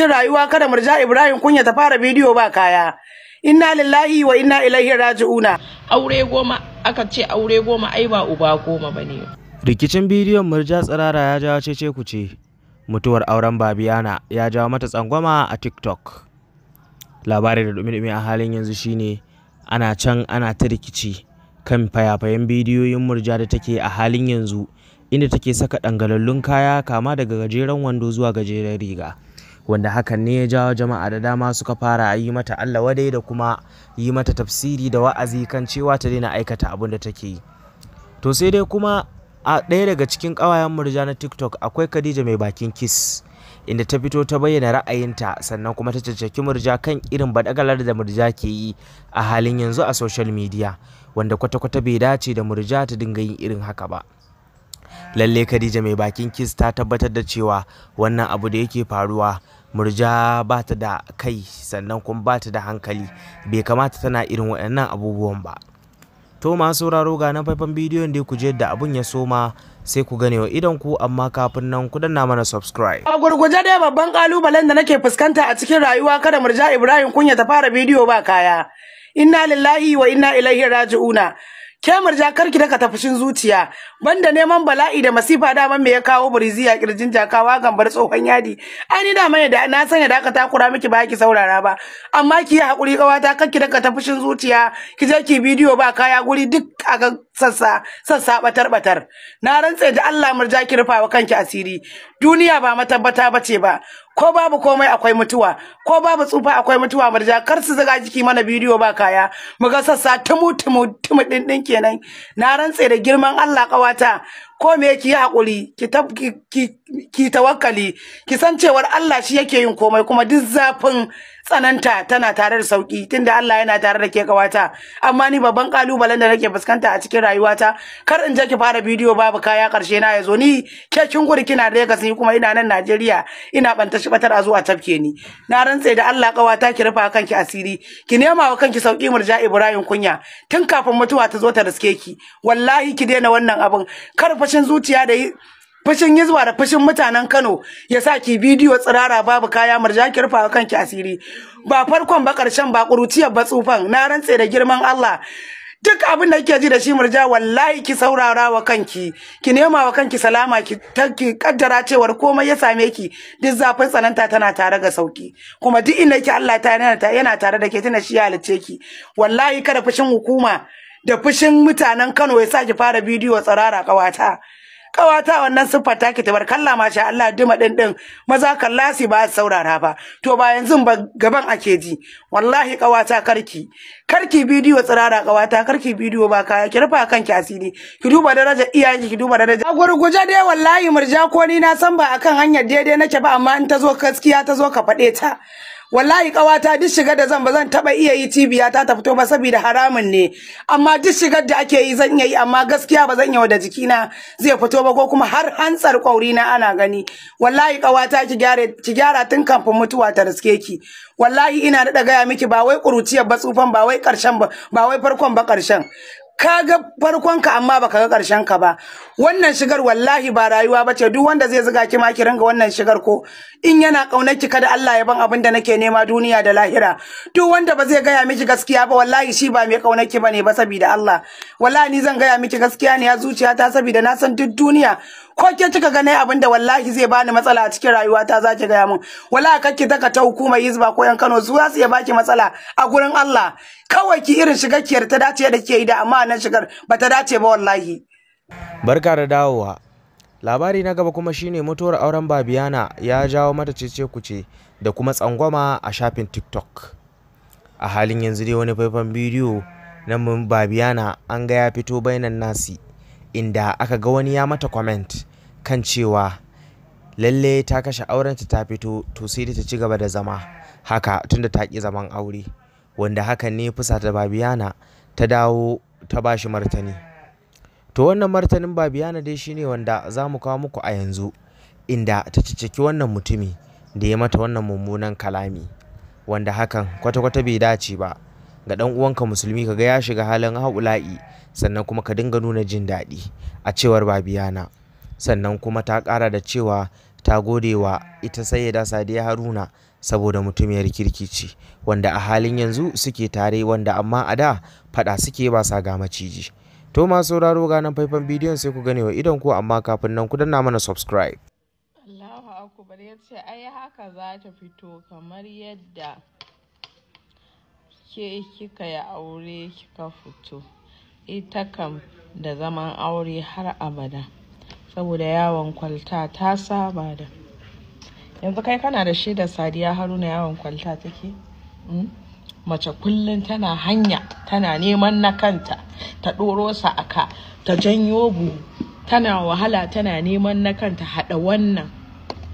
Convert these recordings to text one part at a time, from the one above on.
cikin rayuwa kada murja Ibrahim kunya ta fara bidiyo ba kaya. Inna lillahi wa inna ilaihi raji'una. Aure goma aka ce aure goma ai ba uba goma bane. Rikicin bidiyon murja tsirara ya jawo cece kuce. Mutuwar auren Babiana ya jawo mata tsangwama a TikTok. Labarin da dumi a halin yanzu shine ana can ana ta rikici kan fayafayen bidiyoyin murja da take a halin yanzu inda take saka dangalallun kaya kama daga gajeren wando zuwa gajeren riga. wanda hakan ne ya jawo jama'a da dama suka fara a yi mata Allah wadai da kuma yi mata tafsiri da wa'azi kan cewa ta daina aikata abin da take yi to sai dai kuma a ɗaya daga cikin ƙawayen murja na tiktok akwai khadija mai bakin kiss inda ta fito ta bayyana ra'ayinta sannan kuma ta caccaki murja kan irin badagalar da murja ke yi a halin yanzu a social media wanda kwata-kwata bai dace da murja ta dinga yin irin haka ba lalle khadija mai bakin kiss ta tabbatar da cewa wannan abu da yake faruwa murja ba ta da kai sannan kuma ba ta da hankali bai kamata tana irin waɗannan abubuwan ba to masu sauraro ga nan faifan bidiyon da ku je da abun ya soma sai ku gane wa idan ku amma kafin nan ku danna mana subscribe a gurguje dai babban kalubalen da nake fuskanta a cikin rayuwa kada murja ibrahim kunya ta fara bidiyo ba kaya inna lillahi wa inna ilaihi raji'una ke jakar ki daka tafishin zuciya banda neman bala'i da masifa daman me ya kawo a kirjin jakawa gambar tsohon yadi ai ni mai da na sanya da aka takura miki ba ki saurara ba amma ki yi hakuri kawata kar ki daka tafishin zuciya ki je ki bidiyo ba kaya guri duk a sassa sassa batar batar na rantse da Allah murja ki rufawa kanki asiri duniya ba matabbata bace ba ko babu komai akwai mutuwa ko babu tsufa akwai mutuwa murja kar su zaga jiki mana bidiyo ba kaya muga sassa tumu tumu tumu din din kenan na rantse da girman Allah kawata ko me ki hakuri ki ki tawakkali ki san cewar Allah shi yake yin komai kuma duk zafin tsananta tana tare da sauki tunda Allah yana tare da ke kawata amma ni babban kalubalen da nake fuskanta a cikin rayuwata kar in je ki fara bidiyo babu kaya karshe na yazo ni ke kin gudu kina Lagos ni kuma ina nan Najeriya ina banta shi batar a zuwa tafke ni na rantse da Allah kawata ki rufa kanki asiri ki nema wa kanki sauki murja Ibrahim kunya tun kafin mutuwa ta zo ta riske ki wallahi ki daina wannan abin kar fa fashin zuciya da fashin yizwa da fashin mutanen Kano ya sa ki bidiyo tsirara babu kaya murja ki rufa kanki asiri ba farkon ba karshen ba kuruciya ba tsufan na rantse da girman Allah duk abin da kike ji da shi murja wallahi ki saurara wa kanki ki nema wa kanki salama ki ki kaddara cewar komai ya same ki duk zafin tsananta tana tare ga sauki kuma duk inda ki Allah ta yana tare da ke tana shi halicce ki wallahi kada fushin hukuma da fushin mutanen Kano ya sake fara bidiyo tsirara kawata kawata wannan siffar ta ki tabar kalla masha Allah dima din din maza kalla si ba saurara ba to ba yanzu ba gaban ake ji wallahi kawata karki karki bidiyo tsirara kawata karki bidiyo ba kaya ki rufa ki asiri ki duba daraja iyayenki ki duba daraja a gurguje dai wallahi murja ko ni na san ba akan hanyar daidai nake ba amma in ta zo gaskiya ta zo ka faɗe ta wallahi kawata duk shigar da zan ba zan taba iya yi cibiya ta ta fito ba saboda haramun ne amma duk shigar da ake yi zan iya yi amma gaskiya ba zan yi da jikina zai fito ba ko kuma har hantsar kwauri na ana gani wallahi kawata ki gyara ki gyara tun kafin mutuwa ta riske ki wallahi ina da gaya miki ba wai kuruciyar ba tsufan ba wai karshen ba wai farkon ba karshen ka ga ka amma baka ga karshen ka ba wannan shigar wallahi ba rayuwa bace duk wanda zai zuga ki ma ki ringa wannan shigar ko in yana kaunar ki kada Allah ya ban abin da nake nema duniya da lahira duk wanda ba zai gaya miki gaskiya ba wallahi shi ba mai kaunar ki bane ba saboda Allah wallahi ni zan gaya miki gaskiya ne ya ta saboda na san duk duniya ko ke kika ga nayi abin da wallahi zai bani matsala a cikin rayuwata za ki gaya min wallahi ki taka ta hukuma hizba ko yan Kano su zasu su iya baki matsala a gurin Allah kawai ki irin shigar ki ta dace da ke yi da amma nan shigar ba ta dace ba wallahi Barka da dawowa. Labari na gaba kuma shine mutuwar auren Babiana ya jawo mata cece kuce da kuma tsangwama a shafin TikTok. A halin yanzu dai wani faifan bidiyo na Babiana an ga ya fito bainan nasi inda aka ga wani ya mata comment kan cewa lalle ta kashe aurenta ta fito to sai dai ta ci gaba da zama haka tunda ta ki zaman aure wanda hakan ne fusata Babiana ta dawo ta bashi martani. To wannan martanin Babiyana dai shine wanda za mu kawo muku a yanzu inda ta cicciki wannan mutumi da ya mata wannan mummunan kalami wanda hakan kwata-kwata bai dace ba ga dan uwanka musulmi kaga ya shiga halin haula'i sannan kuma ka dinga nuna jin daɗi a cewar Babiyana sannan kuma ta ƙara da cewa ta gode wa ita sayyida Sadiya Haruna saboda mutumiyar kirki ce wanda a halin yanzu suke tare wanda amma a da faɗa suke ba sa ga maciji. To masu sauraro ga nan faifan bidiyon sai ku gane wa idan ku amma kafin nan ku danna mana subscribe. Allahu akbar ya ce ai haka za ta fito kamar yadda ke kika ya aure kika fito ita kam da zaman aure har abada saboda yawon kwalta ta saba da yanzu kai kana da shaidar sadiya haruna yawon kwalta take? Hmm? mace kullum tana hanya tana neman na kanta ta ɗoro ka, ta janyo buhu tana wahala tana neman na kanta haɗa wannan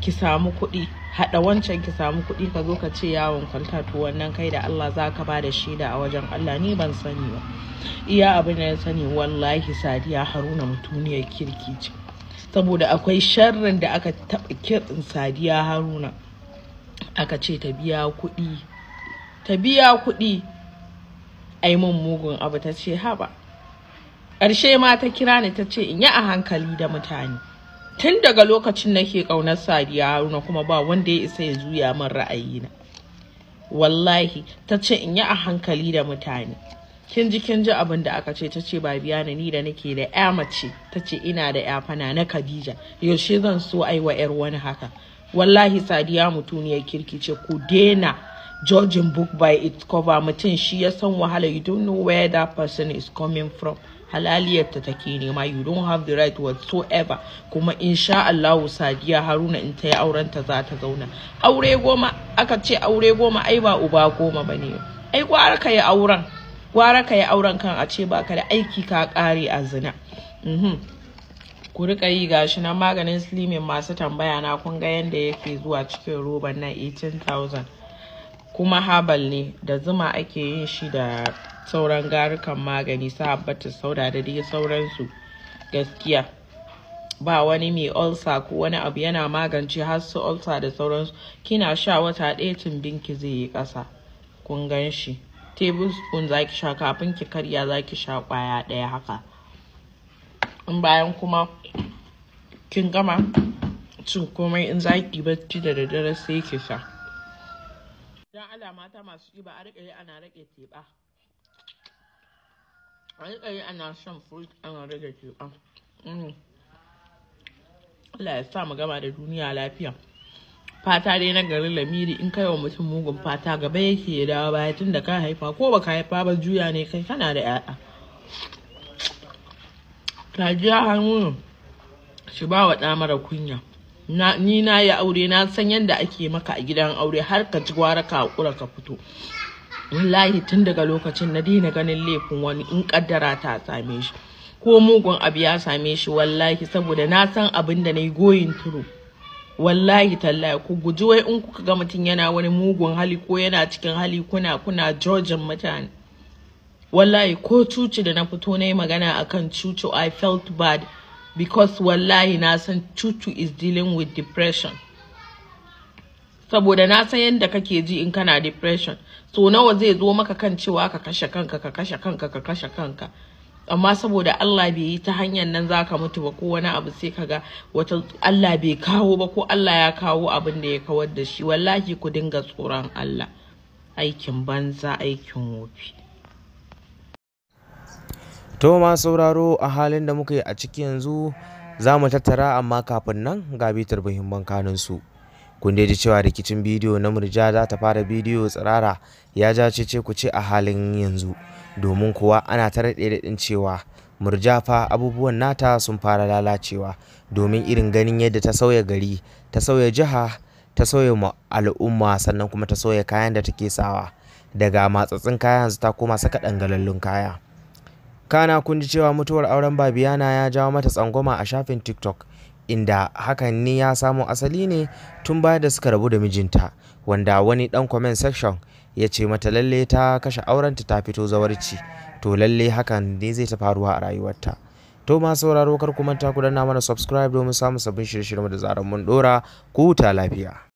ki samu kuɗi haɗa wancan ki samu kuɗi ka zo ka ce yawon kwalta to wannan kai da Allah za ka ba da shaida a wajen Allah ni ban sani ba iya abin da ya sani wallahi sadiya haruna mutuniyar kirki ce saboda akwai sharrin da aka taɓa kirin sadiya haruna aka ce ta biya kuɗi ta biya kuɗi a yi min mugun abu ta ce haba ƙarshe ma ta kira ni ta ce in yi a hankali da mutane tun daga lokacin nake ƙaunar sadiya haruna kuma ba wanda ya isa ya zuya min ra'ayina wallahi ta ce in yi a hankali da mutane kin ji kin ji abin da aka ce ta ce ba biya ni da nake da ya mace ta ce ina da ya fana na khadija yaushe zan so ai wa yar wani haka wallahi sadiya mutuniyar kirki ce ku dena judging book by its cover mutum shi ya san wahala you don't know where that person is coming from halaliyar ta take nema you don't have the right whatsoever kuma insha Allahu Sadiya Haruna in ta yi auren za ta zauna aure goma aka ce aure goma ai ba uba goma bane ai gwara ka yi auren gwara ka yi auren kan a ce baka da aiki ka kare a zina mhm. ku rika yi gashi na maganin slimin masu tambaya na kun ga yanda yake zuwa cikin roban na 18000 kuma habal ne da zuma ake yin shi da sauran garukan magani su habbata sauda da dai sauransu gaskiya ba wani mai ulcer ko wani abu yana magance har su ulcer da sauransu kina sha wata ɗaya ki zai yi ƙasa kun gan shi tablespoon za ki sha kafin ki karya za ki sha ƙwaya ɗaya haka in bayan kuma kin gama cin komai in za ki bacci da daddare sai ki sha dan Allah mata masu ƙiba a riƙe yi ana riƙe teɓa a riƙa ana shan fruit ana rage teɓa mm. Allah ya sa mu gama da duniya lafiya fata dai na garin lamiri in kai wa mutum mugun fata gaba yake ya dawo baya tun da ka haifa ko ba ka haifa ba juya ne kai kana da 'ya'ya ji hannu shi ba wa ɗa mara kunya ni na yi aure na san yadda ake maka a gidan aure har ka ji gwara ka kura ka fito wallahi tun daga lokacin na daina ganin laifin wani in kaddara ta same shi ko mugun abu ya same shi wallahi saboda na san abin da na yi goyin turu wallahi tallahi ku guji wai in kuka ga mutum yana wani mugun hali ko yana cikin hali kuna kuna jojin mutane wallahi ko cuci da na fito na yi magana akan cucu i felt bad because wallahi na san cucu is dealing with depression saboda na san yadda kake ji in kana depression so nawa zai zo maka kan cewa ka kashe kanka ka kashe kanka ka kashe kanka amma saboda Allah bai yi ta hanyar nan za ka mutu ba ko wani abu sai ka ga wata Allah bai kawo ba ko Allah ya kawo abin da ya kawar da shi wallahi ku dinga tsoron Allah aikin banza aikin wofi To masu sauraro a halin da muka yi a ciki yanzu za mu tattara amma kafin nan ga bitar muhimman su. Kun ji cewa rikicin bidiyo na murja za ta fara bidiyo tsirara ya ja cece ku ce a halin yanzu domin kuwa ana ta raɗe cewa murja fa abubuwan nata sun fara lalacewa domin irin ganin yadda ta sauya gari ta sauya jiha ta sauya al'umma sannan kuma ta sauya kayan da take sawa daga matsatsin kaya yanzu ta koma saka ɗangalallun kaya. Kana kun ji cewa mutuwar auren Babiana ya jawo mata tsangwama a shafin TikTok, inda hakan ni ya samo asali ne tun bayan da suka rabu da mijinta, wanda wani dan comment section ya ce mata lalle ta kashe aurenta ta fito zawarci, to lalle hakan ne zai ta faruwa a rayuwarta. To ma sauraro kar ku manta ku danna mana subscribe domin samun sabbin shirye-shiryen da zaran mun ɗora, ku wuta lafiya.